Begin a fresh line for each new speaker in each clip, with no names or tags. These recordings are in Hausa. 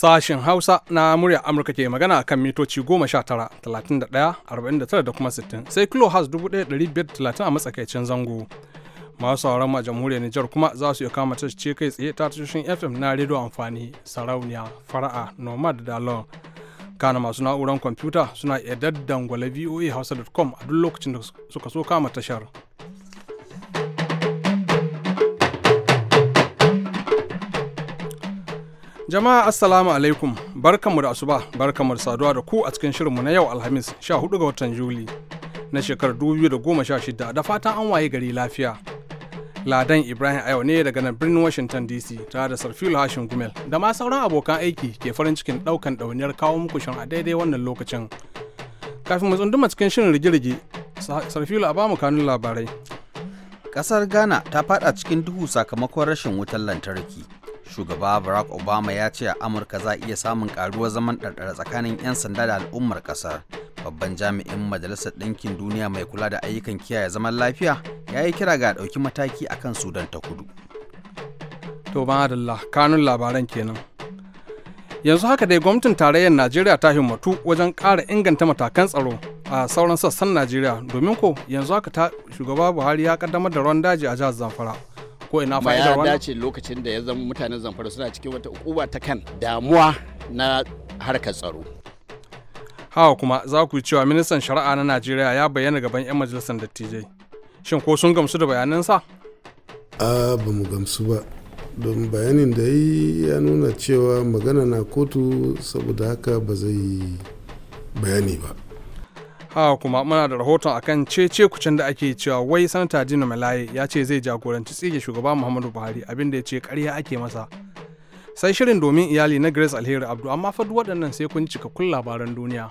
Sashen Hausa na murya Amurka ke magana kan mitoci 19, 31, 49 da kuma 60 sai kilohas 1530 a matsakaicin zango. Masu sauran a jamhuriyar Nijar kuma za su iya kama ce kai tsaye ta tashoshin FM na rediyo amfani, sarauniya, fara'a, nomad da lon. Kana masu na'urar kwamfuta suna iya daddangwale voa hausa.com a duk lokacin da suka so kama tashar. Jama'a Assalamu alaikum barkanmu da asuba barkanmu da saduwa da ku a cikin shirinmu na yau Alhamis 14 ga watan Juli na shekarar 2016 da fatan an waye gari lafiya. Ladan Ibrahim a yau ne daga nan birnin Washington DC tare da Sarfilu Hashin Gumel da ma sauran abokan aiki ke farin cikin ɗaukan ɗauniyar kawo muku shan a daidai wannan lokacin. Kafin mu tsunduma cikin shirin rigirgi, Sarfilu a bamu kanun labarai. Ƙasar Ghana ta faɗa cikin duhu sakamakon rashin wutar lantarki.
shugaba barack obama ya ce a amurka za a iya samun karuwar zaman ɗarɗara tsakanin 'yan sanda da al'ummar ƙasar babban jami'in majalisar ɗinkin duniya mai kula da ayyukan kiyaye
zaman lafiya ya yi kira ga ɗauki mataki akan sudan ta kudu to madalla kanun labaran kenan yanzu haka dai gwamnatin tarayyar najeriya ta himmatu wajen ƙara inganta matakan tsaro a sauran sassan najeriya domin ko yanzu haka ta shugaba buhari ya kaddamar da ruwan daji a jihar zamfara ko ina fa'idar wannan ya dace
lokacin da ya zama mutanen zamfara suna cikin wata ukuba ta kan damuwa na harkar tsaro
hawa kuma za ku cewa ministan shari'a na najeriya ya bayyana gaban 'yan majalisar dattijai shin ko sun gamsu da bayanansa
a ba mu gamsu ba don bayanin da yi ya nuna cewa magana na kotu saboda haka ba zai bayani ba
haka kuma muna da rahoton akan cece kucin da ake cewa wai sanata dino malaye ya ce zai jagoranci tsige shugaba muhammadu buhari abinda ya ce karya ake masa sai shirin domin iyali na grace alheri abdu amma fa waɗannan sai kun cikakkun labaran duniya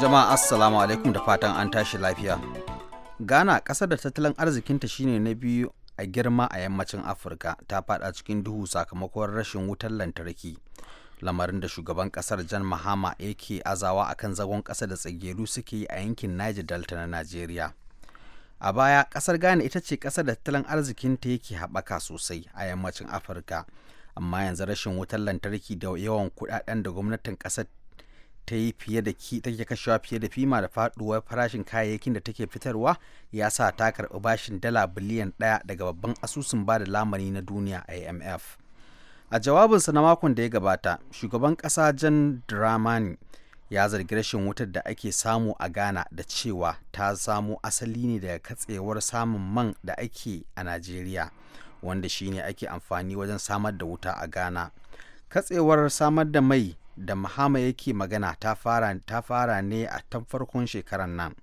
jama'a assalamu alaikum da fatan an tashi lafiya ghana ƙasar da tattalin arzikinta shine na biyu a girma a yammacin afirka ta fada cikin duhu sakamakon rashin wutar lantarki lamarin da shugaban kasar jan mahama yake azawa a kan zagon kasa da tsageru suke yi a yankin niger delta na najeriya a baya kasar ghana ita ce kasar da tattalin arzikinta yake haɓaka sosai a yammacin afirka amma yanzu rashin wutar lantarki da yawan kudaden da gwamnatin kasar ta yi fiye da ki take kashewa fiye da fima da faduwar farashin kayayyakin da take fitarwa ya sa ta karɓi bashin dala biliyan ɗaya daga babban asusun ba da lamari na duniya imf a jawabinsa na makon da ya gabata shugaban ƙasa jan dramani ya zargi rashin wutar da ake samu a ghana da cewa ta samo asali ne daga katsewar samun man da ake a najeriya wanda shine ake amfani wajen samar da wuta a ghana katsewar samar da mai da mahama yake magana ta fara ne a tan farkon shekarar nan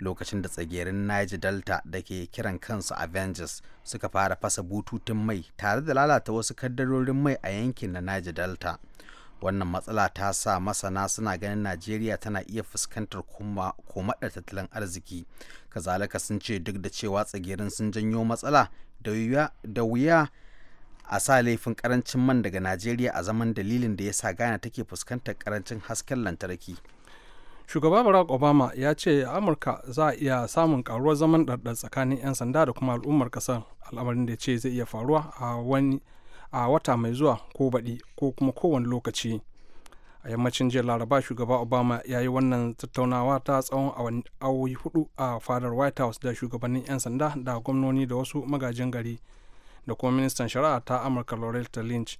lokacin da tsagerin niger delta da ke kiran kansu avengers suka fara fasa bututun mai tare da lalata wasu kaddarorin mai a yankin na niger delta wannan matsala ta sa masana suna ganin najeriya tana iya fuskantar koma da tattalin arziki kazalika sun ce duk da cewa tsagerin sun janyo matsala da wuya a sa laifin karancin man daga najeriya a zaman dalilin da ya sa ghana take fuskantar
karancin hasken lantarki shugaba barack obama ya ce amurka za a iya samun karuwar zaman ɗarɗar tsakanin 'yan sanda da kuma al'ummar ƙasar al'amarin da ce zai iya faruwa a wani a wata mai zuwa ko baɗi ko kuma kowane lokaci a yammacin jiya laraba shugaba obama ya yi wannan tattaunawa ta tsawon awoyi hudu a fadar white house da shugabannin 'yan sanda da gwamnoni da wasu magajin gari da kuma ministan shari'a ta amurka loretta lynch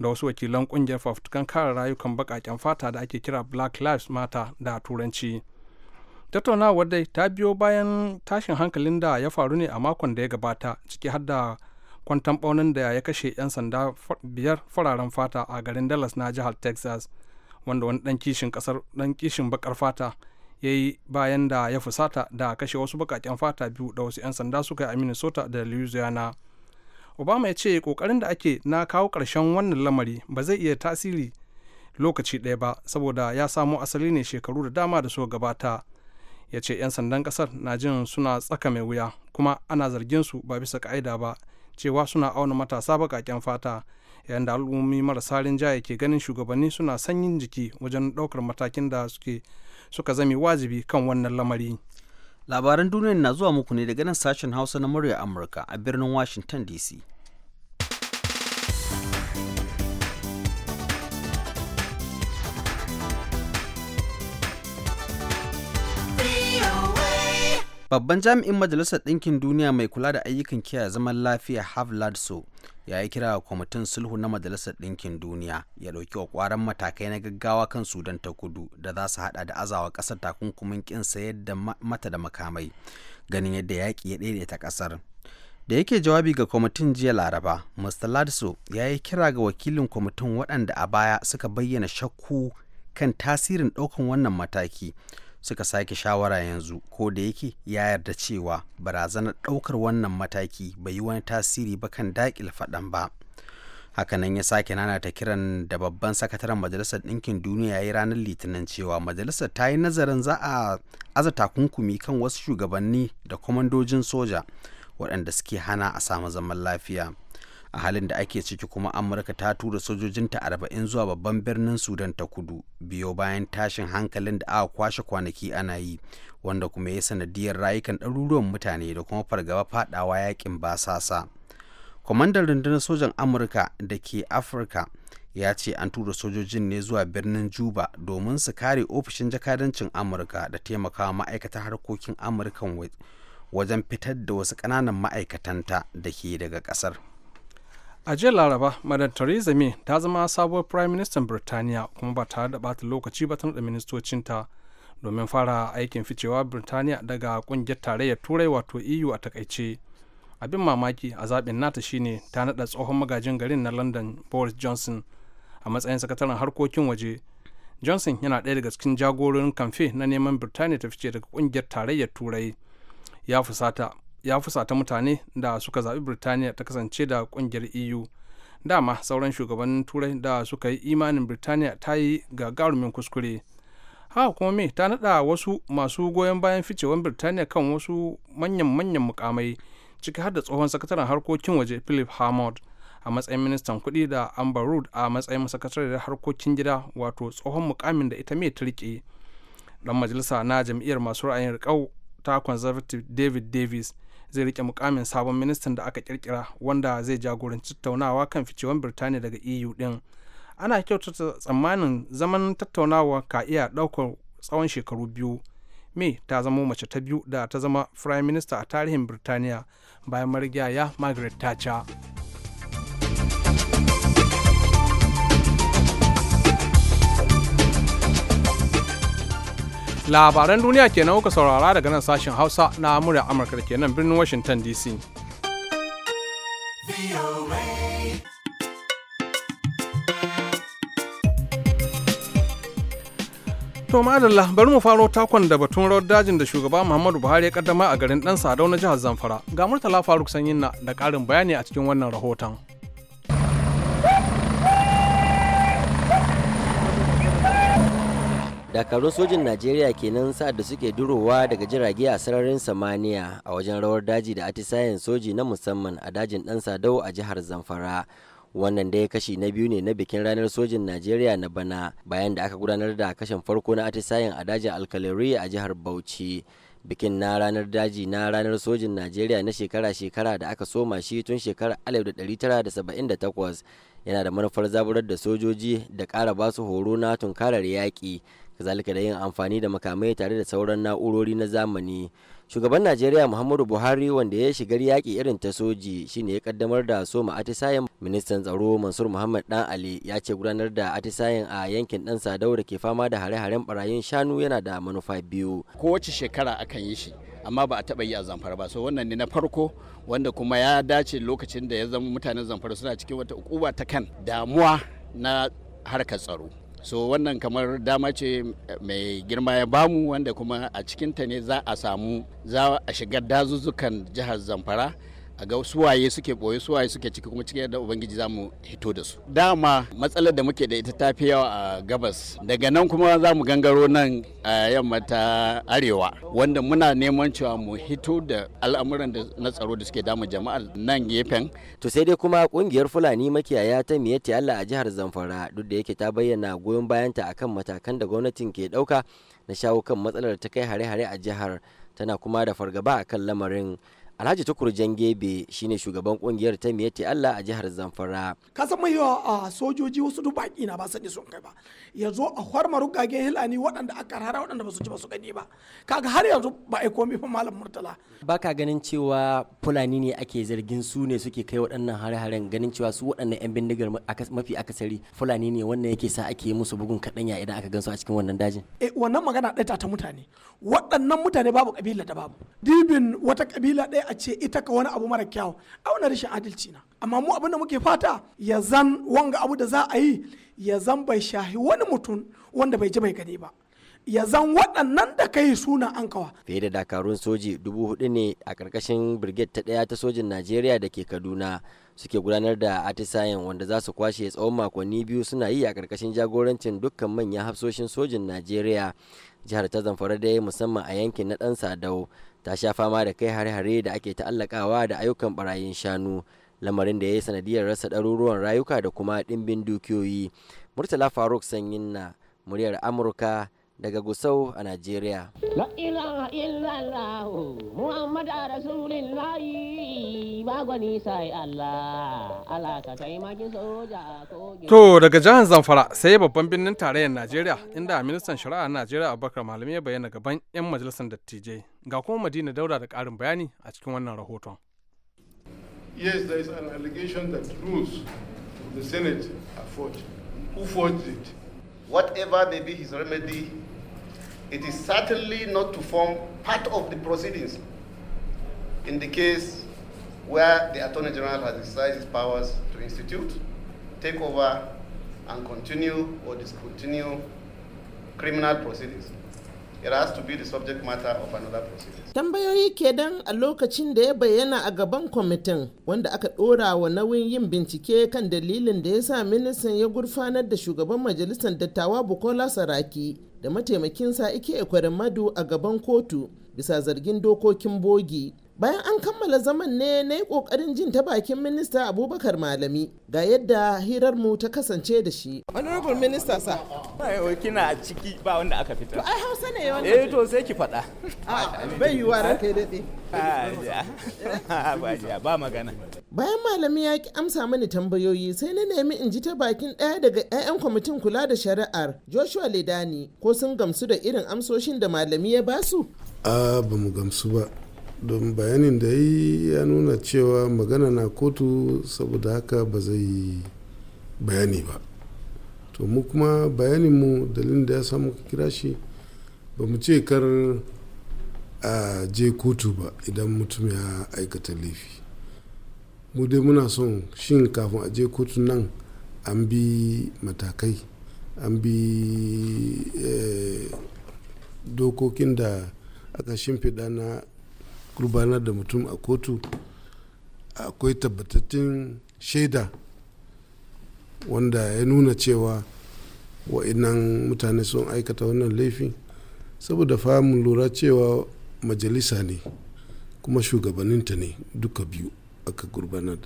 da wasu wakilan kungiyar fafutukan kare rayukan bakaken fata da ake kira black lives matter da turanci tattaunawar dai ta biyo bayan tashin hankalin da ya faru ne a makon da ya gabata ciki har da kwantan baunin da ya kashe 'yan sanda biyar fararen fata a garin dallas na jihar texas wanda wani dan kishin kasar dan kishin bakar fata ya yi bayan da ya fusata da kashe wasu bakaken fata biyu da wasu 'yan sanda suka yi a minnesota da louisiana obama ya ce kokarin da ake na kawo karshen wannan lamari ba zai iya tasiri lokaci ɗaya ba saboda ya samo asali ne shekaru da dama da suka gabata ya ce 'yan sandan ƙasar na jin suna tsaka mai wuya kuma ana zargin su ba bisa ka'ida ba cewa suna auna matasa baƙaƙen fata yayin da al'ummi marasa rinjaye ke ganin shugabanni suna sanyin jiki wajen ɗaukar matakin da suke suka zame wajibi kan wannan lamari
labaran duniyar na zuwa muku ne daga nan sashen hausa na murya amurka a birnin washington dc Babban jami'in Majalisar Ɗinkin Duniya mai kula da ayyukan kiyaye zaman lafiya Havlad So ya yi kira kwamitin sulhu na Majalisar Ɗinkin Duniya ya ɗauki wa kwaran matakai na gaggawa kan Sudan ta kudu da za su haɗa da azawa ƙasar takunkumin ƙin sayar da mata da makamai ganin yadda yaƙi ya ta ƙasar. Da yake jawabi ga kwamitin jiya Laraba, Mr. Ladso ya yi kira ga wakilin kwamitin waɗanda a baya suka bayyana shakku kan tasirin ɗaukan wannan mataki. suka sake shawara yanzu ko da yake ya yarda cewa barazanar ɗaukar wannan mataki bai yi wani tasiri ba kan daƙil faɗan ba hakanan ya sake ta kiran da babban sakataren majalisar ɗinkin duniya ya yi ranar litinin cewa majalisar ta yi nazarin za a aza takunkumi kan wasu shugabanni da kwamandojin soja waɗanda suke hana a samu zaman lafiya a halin da ake ciki kuma amurka ta tura sojojinta arba'in zuwa babban birnin sudan ta kudu biyo bayan tashin hankalin da aka kwashe kwanaki ana yi wanda kuma ya sanadiyar rayukan ɗaruruwan mutane da kuma fargaba fadawa yakin basasa kwamandan rundunar sojan amurka da ke afirka ya ce an tura sojojin ne zuwa birnin juba domin su kare ofishin jakadancin amurka da taimakawa ma'aikatan harkokin amurkan wajen fitar da wasu ƙananan ma'aikatanta da ke daga ƙasar.
a jiya laraba madam theresa may ta zama sabuwar prime minister birtaniya kuma ba tare da bata lokaci ba ta naɗa ministocinta domin fara aikin ficewa birtaniya daga kungiyar tarayyar turai wato eu a takaice abin mamaki a zaɓin nata shine ta naɗa tsohon magajin garin na london boris johnson a matsayin sakataren harkokin waje johnson yana ɗaya daga cikin jagororin kamfe na neman birtaniya ta fice daga kungiyar tarayyar turai ya fusata ya fusata mutane da suka zaɓi birtaniya ta kasance da ƙungiyar eu dama sauran shugabannin turai da suka yi imanin birtaniya ta yi ga garumin kuskure haka kuma me ta naɗa wasu masu goyon bayan ficewan birtaniya kan wasu manyan-manyan mukamai ciki har da tsohon sakataren harkokin waje philip hammond a matsayin ministan kuɗi da amber rood a matsayin sakataren harkokin gida wato tsohon mukamin da ita mai ta riƙe dan majalisa na jam'iyyar masu ra'ayin riƙau ta conservative david davis zai rike mukamin sabon ministan da aka kirkira wanda zai jagoranci tattaunawa kan ficewan birtaniya daga eu din ana kyautata tsammanin zaman tattaunawa ka iya ɗaukar tsawon shekaru biyu may ta zama mace ta biyu da ta zama prime minister a tarihin birtaniya bayan ya margaret thatcher labaran duniya kenan kuka saurara daga nan sashen hausa na murya amurka da kenan birnin washington dc To madalla bari mu faro takon da batun rawar dajin da shugaba Muhammadu Buhari ya kaddama a garin Dan Sadau na jihar Zamfara. Ga Murtala Faruk na da ƙarin bayani a cikin wannan rahoton.
dakarun sojin najeriya kenan sa'ad da suke durowa daga jirage a sararin samaniya a wajen rawar daji da atisayen soji na musamman a dajin dan sadau a jihar zamfara wannan dai kashi na biyu ne na bikin ranar sojin najeriya na bana bayan da aka gudanar da kashin farko na atisayen a dajin alkalari a jihar bauchi bikin na ranar daji na ranar sojin najeriya na shekara-shekara da aka soma shi tun shekarar 1978 yana da manufar zaburar da sojoji da ƙara basu horo na tunkarar yaƙi kazalika da yin amfani da makamai tare da sauran na'urori na zamani shugaban najeriya muhammadu buhari wanda ya shigar yaƙi irin ta soji shine ya kaddamar da soma atisayen ministan tsaro mansur muhammad dan ali ya ce gudanar da atisayen a yankin dan sadau
da ke fama da hare-haren barayin shanu yana da manufa biyu kowace shekara akan yi shi amma ba a taɓa yi a zamfara ba so wannan ne na farko wanda kuma ya dace lokacin da ya zama mutanen zamfara suna cikin wata ukuba ta kan damuwa na harkar tsaro so wannan kamar dama ce mai girma ya bamu wanda kuma a cikinta ne za a samu za a shiga dazuzzukan jihar zamfara a ga suwaye suke boye suwaye suke ciki kuma cikin yadda ubangiji za mu hito da su dama matsalar da muke da ita ta fi yawa a gabas daga nan kuma za mu gangaro nan a yamma ta arewa wanda muna neman cewa mu hito da al'amuran da na tsaro da suke damu jama'a nan gefen to sai dai kuma
kungiyar fulani makiyaya ta miyati Allah a jihar Zamfara duk da yake ta bayyana goyon bayanta akan matakan da gwamnatin ke dauka na shawo kan matsalar ta kai hare-hare a jihar tana kuma da fargaba akan lamarin Alhaji Tukur Jangebe shine shugaban kungiyar ta Miyati Allah a jihar Zamfara.
Ka san mai yawa a sojoji wasu duk baki na ba su sun kai ba. Ya zo a harma rugagen hilani waɗanda aka rara waɗanda ba su ci ba su gani ba. Kaga har yanzu ba a komi fa malam Murtala.
Ba ka ganin cewa Fulani ne ake zargin su ne suke kai waɗannan hare-haren ganin cewa su waɗannan 'yan bindigar mafi akasari Fulani ne wannan yake sa ake musu bugun kaɗanya idan aka gan su a cikin wannan dajin.
eh wannan magana ɗaya ta mutane. Waɗannan mutane babu kabila da babu. Dibin wata kabila ɗaya a ce ita ka wani abu mara kyau a wani rashin adalci na amma mu abin da muke fata ya zan wanga abu da za a yi ya zan bai shahi wani mutum wanda bai ji bai gani ba ya zan waɗannan da kai suna an kawa.
Fiye da dakarun soji dubu hudu ne a ƙarƙashin birgit ta ɗaya ta sojin Najeriya da ke Kaduna suke gudanar da atisayen wanda za su kwashe tsawon makonni biyu suna yi a ƙarƙashin jagorancin dukkan manyan hafsoshin sojin Najeriya. Jihar ta zamfara dai musamman a yankin na ɗan Sadau ta sha fama da kai hare-hare da ake ta'allakawa da ayyukan barayin shanu lamarin da ya yi sanadiyar rasa ɗaruruwan rayuka da kuma ɗimbin dukiyoyi murtala faruk sanyin na muryar amurka daga Gusau a Najeriya.
La ilaha illallah Muhammad Rasulullah ba gwani sai Allah Allah ka taimaki soja To
daga jihar Zamfara sai babban birnin tarayyar Najeriya inda ministan shari'a Najeriya Abubakar Malami ya bayyana gaban 'yan majalisar dattijai. Ga kuma Madina Daura da ƙarin bayani a cikin wannan rahoton.
Yes, there is an allegation that
rules of the Senate are forged. Who forged it? Whatever may be his remedy, it is certainly not to form part of the proceedings in the case where the Attorney General has exercised his powers to institute, take over, and continue or discontinue criminal proceedings. It has to be the subject matter of another proceeding. Tambayoyi kenan a lokacin da ya bayyana a gaban kwamitin wanda aka ɗora wa nauyin yin bincike kan dalilin da ya sa ministan ya gurfanar da shugaban majalisar dattawa Bukola Saraki da mataimakin sa Ike ekwaramadu a gaban kotu bisa zargin dokokin bogi. bayan an kammala zaman ne na yi kokarin jin ta bakin minista abubakar malami ga yadda hirar mu ta kasance da shi honorable minister sa
kina a ciki ba wanda aka fita ai hausa ne eh to sai ki fada ah, bai yiwa ran kai dade ba magana
bayan malami ya ki amsa mani tambayoyi sai na nemi in ji ta bakin ɗaya daga ƴaƴan kwamitin kula da shari'ar joshua ledani ko sun gamsu da irin amsoshin da malami ya basu
a ah, ba mu gamsu ba don bayanin da yi ya nuna cewa magana na kotu saboda haka ba zai yi bayani ba to mu kuma bayaninmu dalilin da ya samu kira shi ba mu ce kar a je kotu ba idan mutum ya aikata laifi mu dai muna son shin kafin a je kotu nan an bi matakai an bi eh, dokokin da aka shimfiɗa na gurbanar da mutum a kotu akwai tabbatattun shaida wanda ya nuna cewa wa'innan mutane sun aikata wannan laifi saboda famun lura cewa majalisa ne kuma shugabanninta ne duka biyu aka gurbanar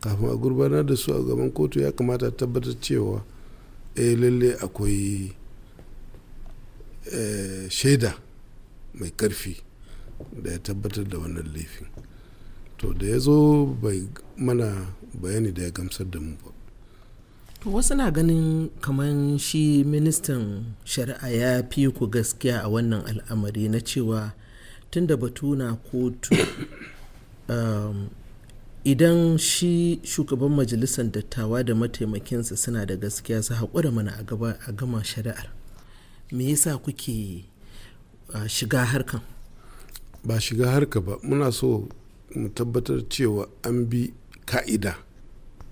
kafin a gurbanar da su a gaban kotu ya kamata tabbatar cewa eh lalle akwai eh, shaida mai karfi da ya tabbatar da wannan laifin to da ya zo bai mana bayani da ya gamsar da mu
ba wasu na ganin kamar shi ministan shari'a ya fi ku gaskiya a wannan al'amari na cewa tun da batu na kotu um, idan shi shugaban majalisar dattawa da mataimakinsa suna da gaskiya su haƙura mana a gama shari'ar me yasa kuke uh, shiga harkan ba
shiga harka ba muna so mu tabbatar cewa an bi ka'ida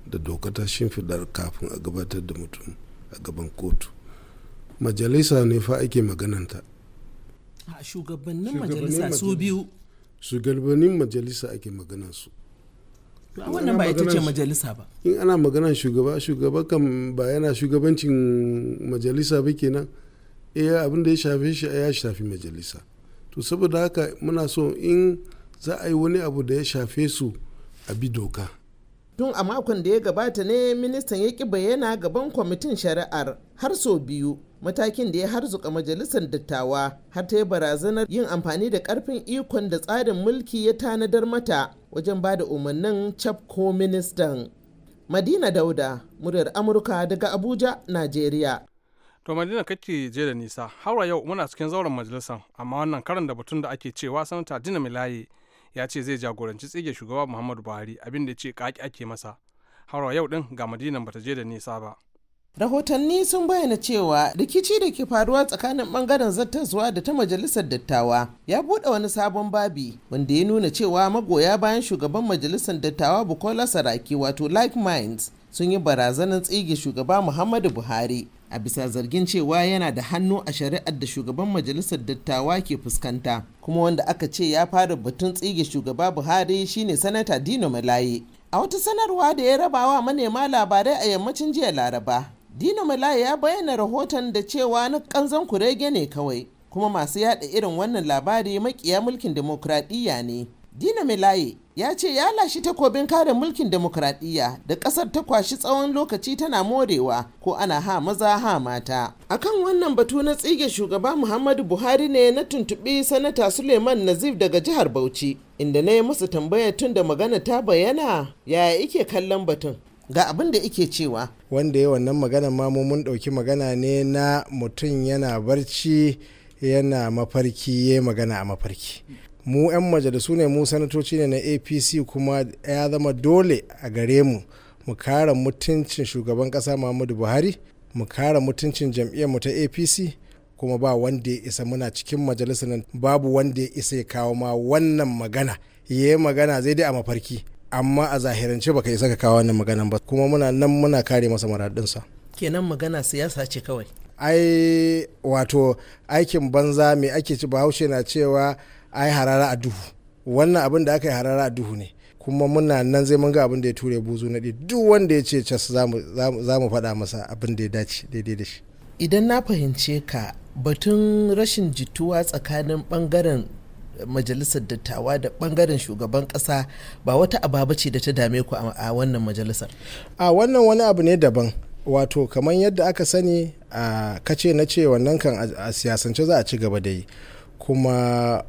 da doka ta shimfidar kafin a gabatar da mutum a gaban kotu majalisa ne fa ake magananta
shugabannin majalisa su biyu
shugabannin majalisa ake maganansu
wannan ba ita ce majalisa ba
in ana maganan shugaba shugaba kan ba yana shugabancin majalisa ba kenan eh abin da ya shafe shi ya shafi majalisa to saboda haka muna so
in za a yi wani abu da ya shafe su a bi doka tun a makon da ya gabata ne ministan ya ki bayyana gaban kwamitin shari'ar har sau biyu matakin da ya harzuka majalisar dattawa har ta yi barazanar yin amfani da karfin ikon da tsarin mulki ya tanadar mata wajen ba da umarnin ko ministan madina dauda muryar amurka daga abuja najeriya
To Madina kake je da nisa, haura yau muna cikin zauren majalisar, amma wannan karan da batun da ake cewa sanata Dina Milaye ya ce zai jagoranci tsige shugaba Muhammadu Buhari abin da ce kaki ake masa. Haura yau din ga Madina bata je da nisa ba.
Rahotanni sun bayyana cewa rikici da ke faruwa tsakanin bangaren zartaswa da ta majalisar dattawa ya buɗe wani sabon babi wanda ya nuna cewa magoya bayan shugaban majalisar dattawa Bukola Saraki wato Like Minds sun yi barazanar tsige shugaba Muhammadu Buhari a bisa zargin cewa yana da hannu a shari'ar da shugaban majalisar dattawa ke fuskanta kuma wanda aka ce ya fara batun tsige shugaba buhari shine sanata dino malaye a wata sanarwa da ya raba wa manema labarai a yammacin jiya laraba dino malaye ya bayyana rahoton da cewa na kanzon kurege ne kawai kuma masu yada irin wannan labari makiya mulkin demokradiyya ne dina melaye ya ce ya lashi takobin kare mulkin demokradiyya da kasar ta kwashi tsawon lokaci tana morewa ko ana ha maza ha mata akan wannan batu na tsige shugaba muhammadu buhari ne na tuntuɓi sanata suleiman nazif daga jihar bauchi inda na yi masa tambaya tun da magana ta bayyana yaya ike kallon batun
ga abin da ike cewa wanda ya wannan magana ma mun ɗauki magana ne na mutum yana barci yana mafarki ya magana a mafarki mu 'yan majalisu ne mu sanatoci ne na apc kuma ya zama dole a gare mu mu kara mutuncin shugaban kasa muhammadu buhari mu kare mutuncin mu ta apc kuma ba wanda ya isa muna cikin majalisa nan babu wanda ya isa ya kawo ma wannan magana ya yi magana zai dai a mafarki amma a zahirance baka isa ka kawo wannan magana ba kuma muna nan muna kare masa maradinsa
kenan magana siyasa ce kawai
ai wato aikin banza mai ake ci bahaushe na cewa a yi harara a duhu wannan abin da aka yi harara a duhu ne kuma muna nan zai mun ga abin da ya ture buzu na duk wanda ya ce cas za mu faɗa masa abin da ya dace daidai da shi idan na fahimce
ka batun rashin jituwa tsakanin bangaren majalisar dattawa da bangaren shugaban kasa ba wata ababa ce da ta dame ku a wannan majalisar
a wannan wani abu ne daban wato kamar yadda aka sani a kace na ce wannan kan a siyasance za a ci gaba da yi kuma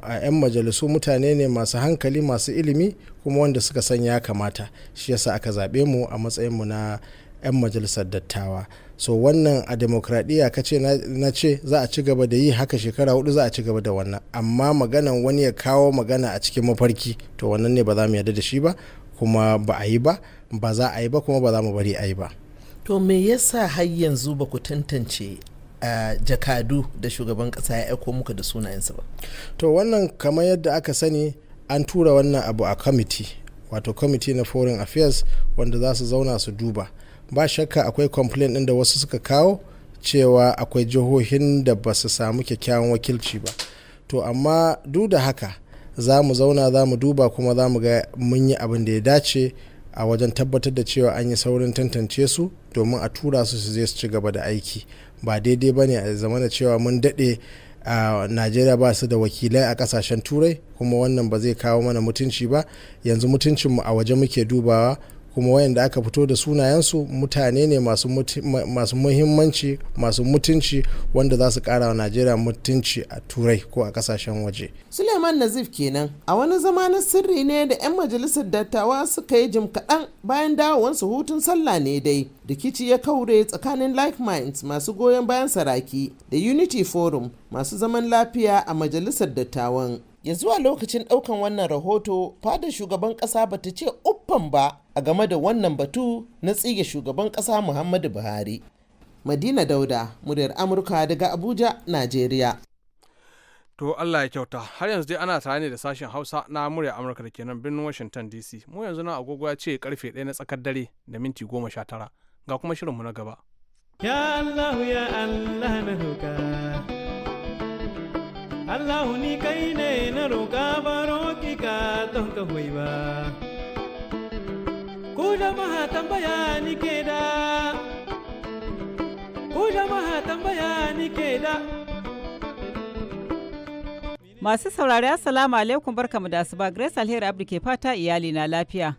a 'yan majalisu mutane ne masu hankali masu ilimi kuma wanda suka san ya kamata shi yasa aka zaɓe mu a matsayin mu na 'yan majalisar dattawa so wannan a demokradiyya ka ce na ce za a ci gaba da yi haka shekara hudu za a ci gaba da wannan amma maganan wani ya kawo magana a cikin mafarki to wannan ne ba za mu yarda da shi ba kuma ba a yi ba ba za a yi ba kuma ba za mu bari a yi ba
to me yasa har yanzu ba ku tantance jakadu da shugaban
kasa ya aiko muka da sunayensa ba to wannan kamar yadda aka sani an tura wannan abu a kwamiti wato kwamiti na foreign affairs wanda za su zauna su duba ba shakka akwai complain ɗin da wasu suka kawo cewa akwai jihohin da ba su samu kyakkyawan wakilci ba to amma duk da haka za mu zauna za mu duba kuma za mu ga mun yi abin da ya dace a wajen tabbatar da cewa an yi saurin tantance su domin a tura su su je su ci gaba da aiki ba daidai ba ne a da cewa mun daɗe a najeriya ba su da wakilai a kasashen turai kuma wannan ba zai kawo mana mutunci ba yanzu mutuncinmu a waje muke dubawa kuma wayanda aka fito da sunayensu mutane ne masu muhimmanci masu mutunci wanda za su kara wa najeriya mutunci a turai ko a kasashen waje
suleiman nazif kenan a wani zama na sirri ne da 'yan majalisar dattawa suka yi jim kaɗan bayan dawowansu hutun sallah ne dai rikici ya kaure tsakanin like minds masu goyon bayan saraki da unity forum masu zaman lafiya a majalisar dattawan ya zuwa lokacin ɗaukan wannan rahoto fadar shugaban ƙasa bata ce uffan ba a game da wannan batu na tsige shugaban kasa Muhammadu Buhari. Madina Dauda, muryar Amurka daga Abuja, Najeriya.
To Allah ya kyauta, har yanzu dai ana tare ne da sashen Hausa na murya Amurka da kenan birnin Washington DC. Mu yanzu na agogo ya ce karfe ɗaya na tsakar dare da minti goma sha tara. Ga kuma shirinmu na gaba.
Ya Allah ya Allah na roƙa. Allah ni kai ne na roƙa baro ki ka don ka ba. ku jama'a tambaya
ni ke da ku jama'a tambaya ni ke da masu saurari assalamu alaikum barkamu da asuba grace alheri abdu ke fata iyali na lafiya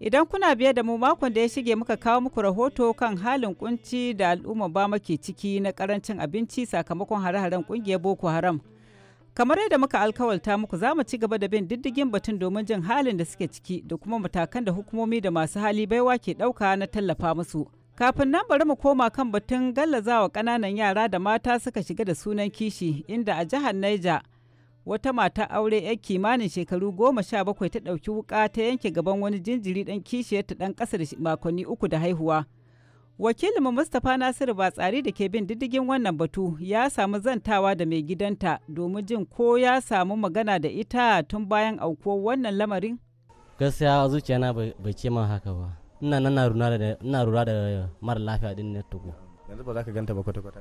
Idan kuna biye da mu makon da ya shige muka kawo muku rahoto kan halin kunci da al'umma ba ke ciki na karancin abinci sakamakon hare-haren kungiyar Boko Haram. kamar yadda muka alkawalta muku za mu ci gaba da bin diddigin batun domin jin halin da suke ciki da kuma matakan da hukumomi da masu hali baiwa ke ɗauka na tallafa musu kafin nan bari mu koma kan batun gallazawa ƙananan yara da mata suka shiga da sunan kishi inda a jihar naija wata mata aure yar kimanin shekaru goma sha bakwai ta ɗauki wuka ta yanke gaban wani jinjiri ɗan kishiyarta ɗan ƙasa da makonni uku da haihuwa wakilinmu mustapha nasiru batsari da ke bin diddigin wannan batu ya samu zantawa da mai gidanta domin jin ko ya samu magana da ita tun bayan aukuwar wannan lamarin
gaskiya zuciya na bai ce man haka ba ina nan na rura da mara lafiya din ne tuku yanzu ba za ka ganta ba kwata kwata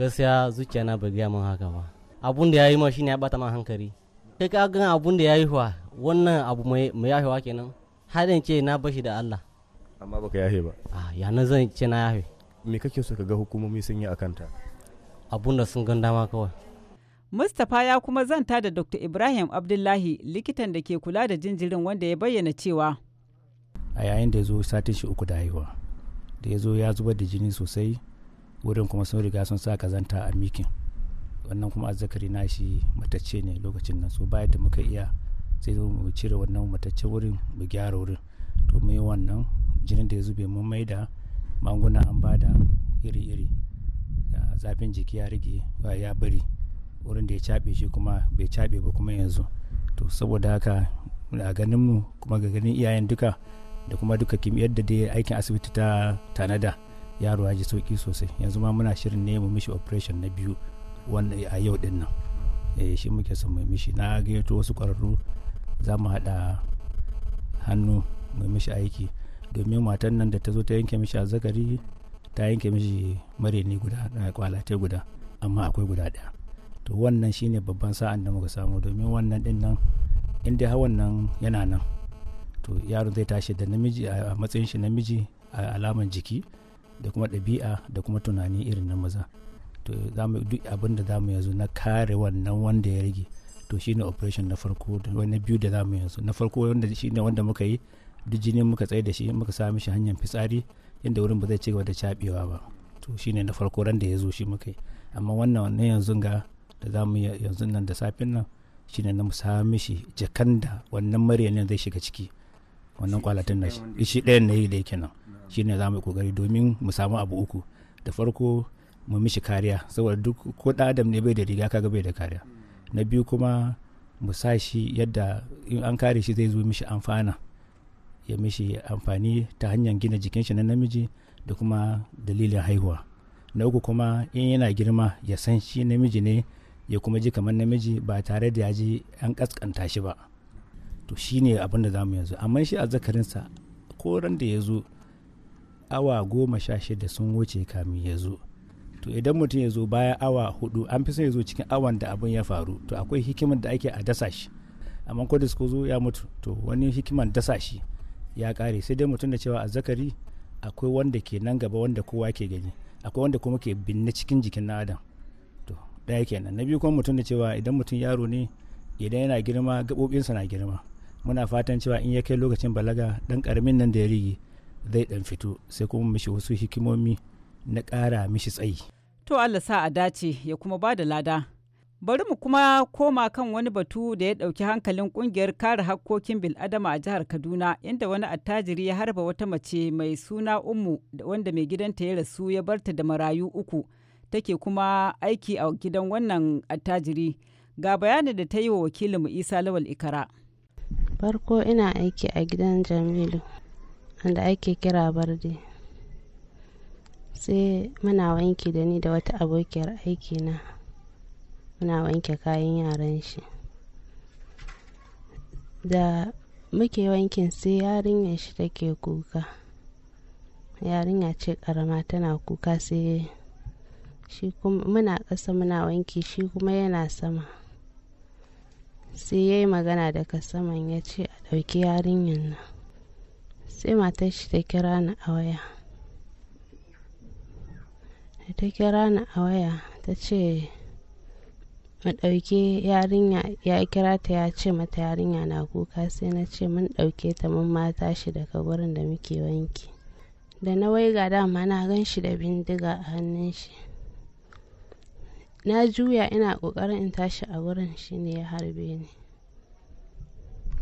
gaskiya zuciya na bai gaya man haka ba abun da ya yi ma ne ya bata man hankali kai ka gan abun da ya yi wa wannan abu mai yahuwa kenan Haɗin ce na bashi da Allah amma baka yahe ba ah, a zan ce na yahe me kake so ka ga hukumomi sun yi akanta abun
sun ganda ma kawai
Mustapha ya kuma zanta da Dr. Ibrahim Abdullahi likitan da ke kula da jinjirin wanda ya bayyana cewa.
A yayin da ya zo satin shi uku da haihuwa, da ya zo ya zubar da jini sosai wurin kuma sun riga sun sa kazanta a mikin. Wannan kuma azzakari na shi matacce ne lokacin nan so bayan da muka iya sai zo mu cire wannan matacce wurin mu gyara wurin to mu wannan jinin da ya zube mun da magunguna an bada iri-iri zafin jiki ya rage ya bari wurin da ya caɓe shi kuma bai caɓe ba kuma yanzu to saboda haka a ganin mu kuma ga ganin iyayen duka da kuma duka kimiyyar da dai aikin asibiti ta tanada yaro ya ji sauki sosai yanzu ma muna shirin ne mu mishi operation na biyu wanda a yau din nan eh shi muke son mu mishi na gayyato wasu kwararru za mu haɗa hannu mu mishi aiki domin matan nan da ta zo ta yanke mishi azzakari ta yanke mishi mareni guda eh, kwalate guda amma akwai guda ɗaya to wannan shine babban sa'an da muka samu domin wannan din nan in dai hawan nan yana nan to yaron zai tashi da namiji a matsayin shi namiji a alaman jiki da kuma ɗabi'a da kuma tunani irin na maza to duk abin da zamu yanzu na kare wannan wanda ya rage to shine operation na farko wani biyu da zamu yanzu na farko wanda shine wanda muka yi duk jini muka tsaye da shi muka sa mishi hanyar fitsari yadda wurin ba zai ci gaba da cabewa ba to shine na farko ran da ya zo shi muka amma wannan na yanzu ga da za mu yanzu nan da safin nan shine na musa mishi jakan da wannan maryanin zai shiga ciki wannan kwalatin na shi shi ɗayan na yi da yake nan shine za mu yi kokari domin mu samu abu uku da farko mu mishi kariya saboda duk ko ɗan adam ne bai da riga kaga bai da kariya hmm. na biyu kuma mu sa shi yadda in an kare shi zai zo mishi amfana ya mishi amfani ta hanyar gina jikin shi na namiji da kuma dalilin haihuwa na uku kuma in yana girma ya san shi namiji ne ya kuma ji kamar namiji ba tare da ya ji an kaskanta shi ba to shi ne abin da za mu yanzu amma shi a zakarinsa ko ran da ya zo awa goma sha shida sun wuce kamin ya zo to idan mutum ya zo baya awa hudu an fi son ya zo cikin awan da abin ya faru to akwai hikimar da ake a dasa shi amma ko zo ya mutu to wani hikimar dasa shi ya kare sai dai mutum da cewa a zakari akwai wanda ke nan gaba wanda kowa ke gani akwai wanda kuma ke binne cikin jikin na adam to daya kenan na biyu kuma mutum da cewa idan mutum yaro ne idan yana girma gaɓoɓinsa na girma muna fatan cewa in ya kai lokacin balaga dan karamin nan da ya rige zai dan fito sai kuma mishi wasu hikimomi na ƙara mishi tsayi
to Allah sa a dace ya kuma ba da lada Bari mu kuma koma kan wani batu da ya ɗauki hankalin ƙungiyar kare hakkokin bil'adama a jihar Kaduna inda wani attajiri ya harba wata mace mai suna Ummu wanda mai gidanta ya rasu ya barta da marayu uku take kuma aiki a gidan wannan attajiri. Ga bayanin da ta yi wa wakilinmu Isa Lawal Ikara.
Farko ina aiki a gidan Jamilu wanda ake kira Barde. Sai muna wanki da ni da wata abokiyar aiki na. muna wanke kayan yaran shi da muke wankin sai yarinyar shi take kuka yarinya ce karama tana kuka sai shi kuma muna ƙasa muna wanki shi kuma yana sama sai ya yi magana daga saman ya ce a ɗauki yarinyar nan sai matar shi ta kira ni a waya ta kira ni a waya ta ce mu yarinya ya kira ta ya ce mata yarinya na kuka sai na ce mun ɗauke ta mun ma tashi daga wurin da muke wanki da na waiga dama na gan shi da bindiga a hannun shi na juya ina ƙoƙarin in tashi a wurin, shi ne ya harbe ni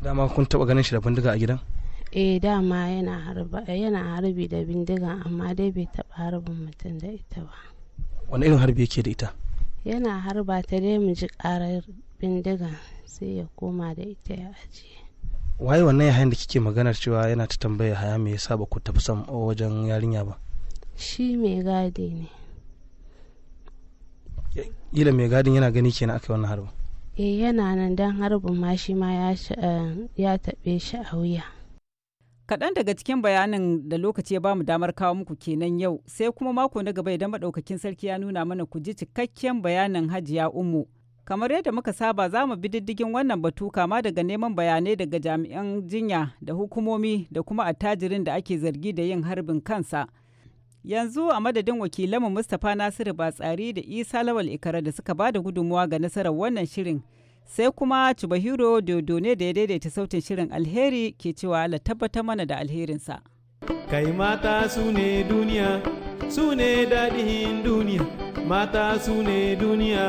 dama kun taɓa ganin shi da bindiga a gidan
eh dama yana harbi da bindiga amma dai bai taɓa harbin mutum da ita ba
wani irin harbi yake da ita
yana harba ta dai mu ji karar bindigan sai ya koma da ita ya ajiye
waye wannan yayin da kike maganar cewa yana ta tambaya haya me yasa ba ku tafi san wajen yarinya ba
shi mai gadi ne
ila mai gadin yana gani kenan akai wannan harbin
eh yana nan dan harbin ma shi ma ya eh, taɓe shi a wuya
Kaɗan daga cikin bayanin da lokaci ya bamu damar kawo muku kenan yau sai kuma mako na gaba idan maɗaukakin sarki ya nuna mana ku ji cikakken bayanin hajiya umu. Kamar yadda muka saba za mu bi diddigin wannan batu kama daga neman bayanai daga jami'an jinya da hukumomi da kuma attajirin da ake zargi da yin harbin kansa. Yanzu a madadin wakilanmu Mustapha Nasiru Batsari da Isa Lawal Ikara da suka ba da gudunmuwa ga nasarar wannan shirin. sai kuma Chubahiro ne da ya daidaita sautin shirin alheri ke cewa Allah tabbatar mana da alherinsa. Kai mata
su ne duniya, su ne daɗin duniya, mata su ne
duniya,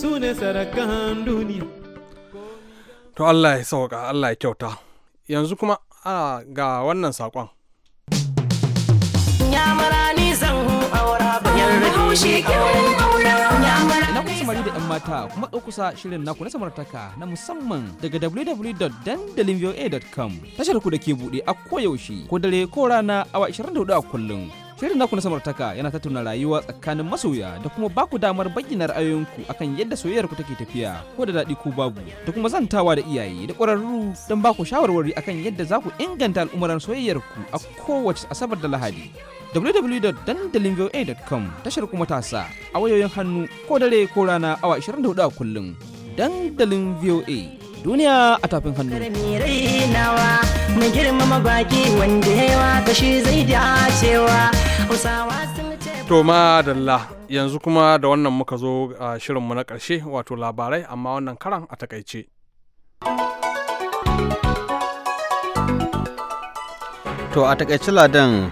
su ne sarakan duniya.
To Allah ya sauka, Allah ya kyauta. Yanzu kuma ana ga wannan saƙon.
Yamara ni zan aura bayan rabu shi kyau aura, yamara
samari da 'yan mata kuma ɗaukusa shirin naku na samartaka na musamman daga www.dandalinvoa.com tashar ku da ke buɗe a koyaushe ko dare ko rana awa 24 a kullum shirin naku na samartaka yana tattauna rayuwa tsakanin masoya da kuma baku damar bayyana ra'ayoyinku akan yadda soyayyar ku take tafiya ko da daɗi ko babu da kuma zantawa da iyaye da ƙwararru don baku shawarwari akan yadda za ku inganta al'umuran soyayyar ku a kowace asabar da lahadi www.dandalinvoa.com tashar kuma tasa a wayoyin hannu ko dare ko rana awa 24 a kullum dandalin VOA duniya a tafin hannu.
To ma dalla yanzu kuma da wannan muka zo a shirinmu na ƙarshe wato labarai amma wannan karan a takaice.
To a takaice ladan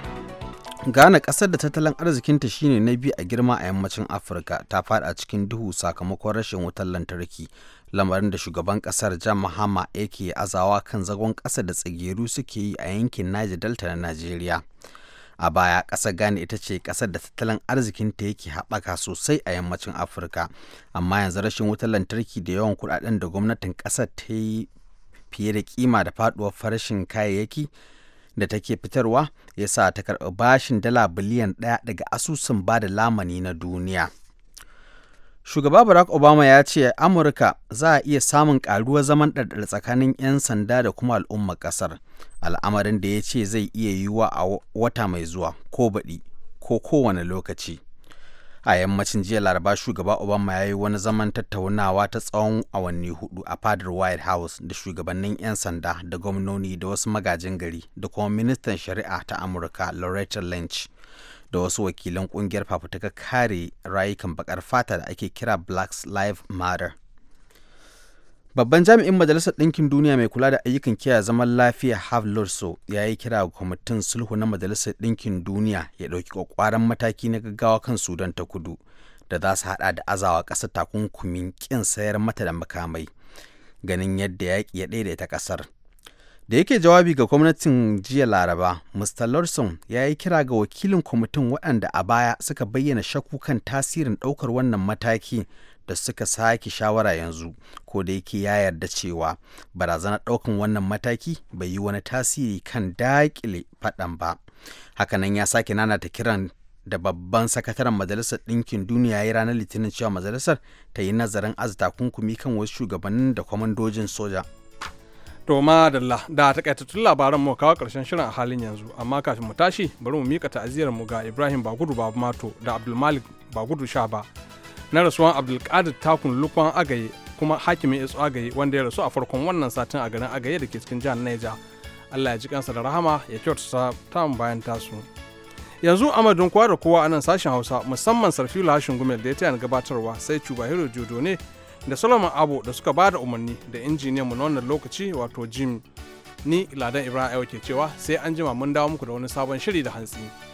Ghana ƙasar da tattalin arzikinta shine na biyu a girma a yammacin Afirka ta fada cikin duhu sakamakon rashin wutar lantarki lamarin da shugaban ƙasar Jan Mahama yake azawa kan zagon ƙasa da tsageru suke yi a yankin Niger Delta na Najeriya. A baya ƙasar Ghana ita ce ƙasar da tattalin arzikinta yake haɓaka sosai a yammacin Afirka amma yanzu rashin wutar lantarki da yawan kuɗaɗen da gwamnatin ƙasar ta yi fiye da kima da faɗuwar farashin kayayyaki da take fitarwa ya sa ta karɓi bashin dala biliyan ɗaya daga asusun ba da lamani na duniya. Shugaba Barack Obama ya ce Amurka za a iya samun ƙaruwar zaman ɗarɗar tsakanin 'yan sanda da kuma al'ummar ƙasar, al'amarin da ya ce zai iya yiwuwa a wata mai zuwa ko baɗi ko kowane lokaci. a yammacin jiya laraba shugaba obama ya yi wani zaman tattaunawa ta tsawon awanni hudu a fadar white house da shugabannin 'yan sanda da gwamnoni da wasu magajin gari da kuma ministan shari'a ta amurka loretta lynch da wasu wakilan kungiyar fafutuka kare rayukan bakar fata da ake kira black lives matter Babban jami'in Majalisar Ɗinkin Duniya mai kula da ayyukan kiyaye zaman lafiya Hav Lurso ya yi kira ga kwamitin sulhu na Majalisar Ɗinkin Duniya ya ɗauki ƙwaƙwaran mataki na gaggawa kan Sudan ta kudu da za su haɗa da azawa ƙasar takunkumin ƙin sayar mata da makamai ganin yadda yaƙi ya ɗaiɗaita ƙasar. Da yake jawabi ga gwamnatin jiya Laraba, Mr. Lorson ya yi kira ga wakilin kwamitin waɗanda a baya suka bayyana shakku kan tasirin ɗaukar wannan mataki da suka sake shawara yanzu ko da yake ya yarda cewa barazanar ɗaukan wannan mataki bai yi wani tasiri kan daƙile faɗan ba hakanan ya sake ta kiran da babban sakataren majalisar ɗinkin duniya ya yi ranar litinin cewa majalisar ta yi nazarin azta kunkumi kan wasu shugabannin da kwamandojin soja
to dalla da takaitattun labaran mu kawo karshen shirin a halin yanzu amma kafin mu tashi bari mu mika ta'aziyar mu ga Ibrahim Bagudu Babu Mato da Abdulmalik Bagudu Shaba na rasuwan abdulkadir takun lukwan agaye kuma hakimin isu agaye wanda ya rasu a farkon wannan satin a garin agaye da ke cikin jihar naija allah ya ji kansa da rahama ya kyautata ta bayan tasu yanzu amadun kowa da kowa a nan sashen hausa musamman sarfila hashin gumel da ya taya gabatarwa sai cubahiro jodo ne da solomon abu da suka ba da umarni da injiniyan mu na wannan lokaci wato jim ni ladan ibrahim ke cewa sai an jima mun dawo muku da wani sabon shiri da hantsi.